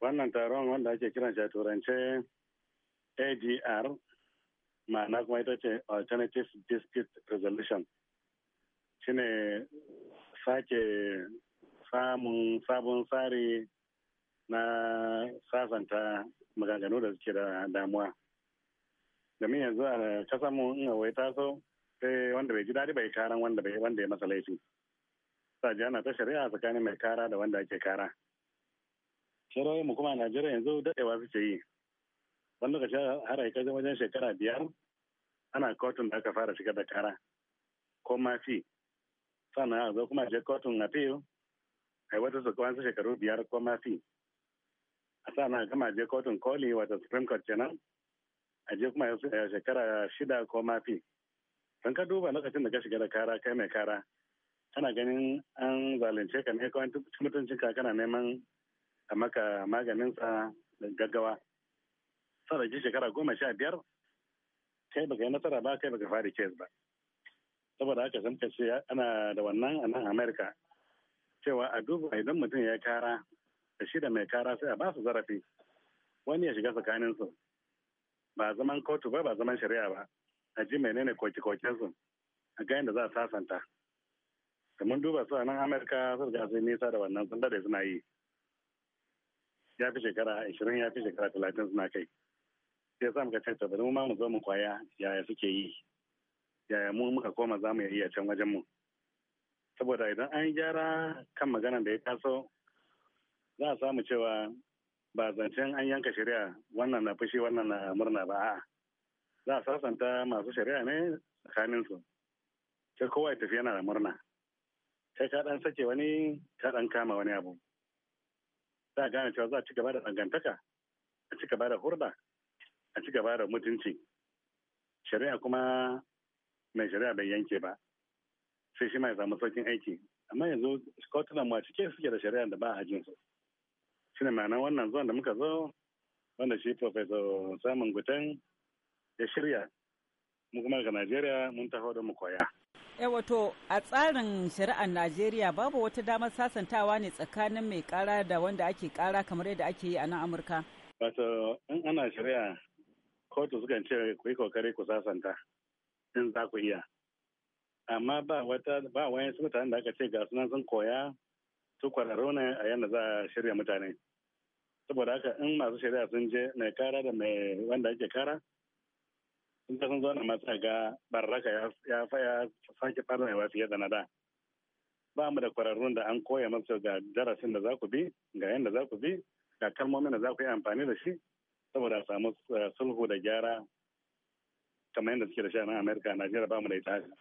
wannan taron wanda ake kiran shi a turance adr ma'ana kuma ita ce alternative dispute resolution shine sake samun sabon tsari na sasanta maganganu da suke da damuwa domin yanzu a kasanmu in wai taso sai wanda bai ji daɗi bai karan wanda ya masa laifi sa ji ana ta shari'a tsakanin mai kara da wanda ake kara saroyin mu kuma a najeriya yanzu dadewa suke yi wani lokaci har a kai wajen shekara biyar ana kotun da aka fara shiga da kara ko ma fi sannan a zo kuma je kotun a yi wata su shekaru biyar ko ma fi a sannan gama je kotun koli wata supreme court kenan a je kuma shekara shida ko ma fi don ka duba lokacin da ka shiga da kara kai mai kara kana ganin an zalunce ka ne kawai mutuncin ka kana neman a maka maganinsa sa gaggawa ji shekara goma sha biyar kai baka yi nasara ba kai baka fara kes ba saboda haka sun kace ana da wannan a nan amerika cewa a duba idan mutum ya kara da shi da mai kara sai a ba su zarafi wani ya shiga tsakanin su. ba zaman kotu ba ba zaman shari'a ba a ji menene koke su? a ga yadda za a sasanta da duba su a nan amurka sun ga sun nisa da wannan sun dade suna yi ya fi shekara ashirin ya fi shekara talatin suna kai sai za mu ga bari mu ma mu zo mu kwaya yaya suke yi yaya mu muka koma za mu iya can wajen mu saboda idan an yi gyara kan maganan da ya taso za a samu cewa ba zancen an yanka shari'a wannan na fushi wannan na murna ba a za a sasanta masu shari'a ne tsakanin su sai kowa ya tafi yana da murna kai ka dan sake wani ka dan kama wani abu za a gane cewa za a ci gaba da dangantaka a ci gaba da hurda a ci gaba da mutunci shari'a kuma mai shari'a bai yanke ba sai shi ma ya samu aiki amma yanzu scotland ma cike suke da shari'a da ba a jinsu shi ne ma'ana wannan zuwan da muka zo wanda shi professor samun gutan ya shirya mu kuma ga najeriya mun taho da mu koya Eh, wato a tsarin shari'ar najeriya babu wata damar sasantawa ne tsakanin mai kara da wanda ake kara kamar yadda ake yi a nan amurka wato in ana shari'a kotu sukan ce ku yi kokari ku sasanta in za ku iya amma ba wata ba wayan su mutanen da aka ce ga sunan sun koya su kwararru ne a yadda za a shirya mutane saboda haka in masu shari'a sun je mai kara da mai wanda ake kara sun ta sun zauna matsa ga barraka ya sake farawa fiye da na da ba mu da kwararrun da an koya masu ga darasin da za ku bi ga yadda za ku bi ga kalmomin da za ku yi amfani da shi saboda a samu eh, sulhu da gyara kamar yadda suke da shi a nan amerika najeriya ba mu da ita haka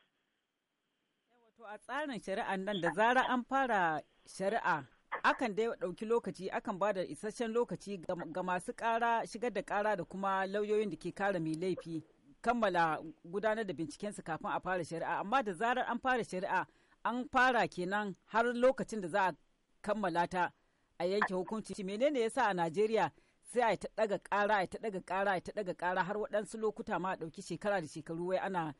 To a tsarin shari'an nan da zara an fara shari'a akan dai ɗauki lokaci akan ba da isasshen lokaci ga masu ƙara shigar da kara da kuma lauyoyin da ke kare mai laifi. kammala gudanar da bincikensu kafin a fara shari'a amma da zarar an fara shari'a an fara kenan har lokacin da za a kammala ta a yanke hukunci menene yasa a Najeriya sai a ta daga kara a ta daga kara a ta daga kara har waɗansu lokuta ma a ɗauki shekara da shekaru wai ana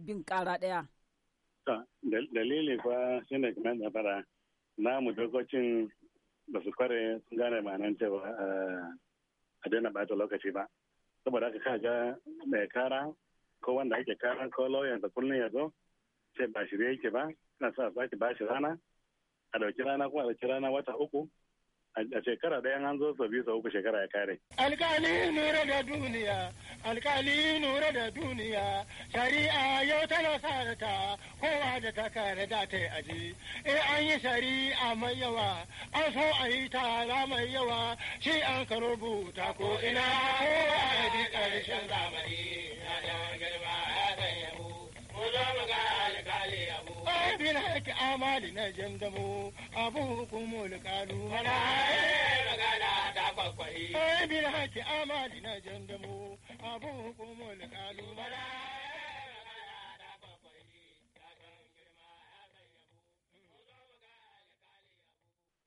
bin kara ɗaya. Dalili fa shi ne kamar da fara namu dokokin ba su kware sun gane ma'anan cewa eh, a daina bata lokaci ba. saboda haka ka ga mai kara ko wanda ake kara ko lawyer da kullum ya zo ce ba shirye yake ba na sa sake ba shi rana a dauki rana kuma a dauki rana wata uku a shekara ɗaya an zo sau biyu sau uku shekara ya kare. Alkali nura da duniya, alkali nura da duniya, shari'a yau da ta kowa da ta kare da ta aji. e an yi shari'a mai yawa, an so a yi tara mai yawa, shi an ka rubuta ko ina ko ƙarshen zamani na da girma ya san yabo zo mu ga alƙali abin amali na jamdamu abu hukumu alƙalu mana magana ta kwakwari abin amali na abu hukumu alƙalu mana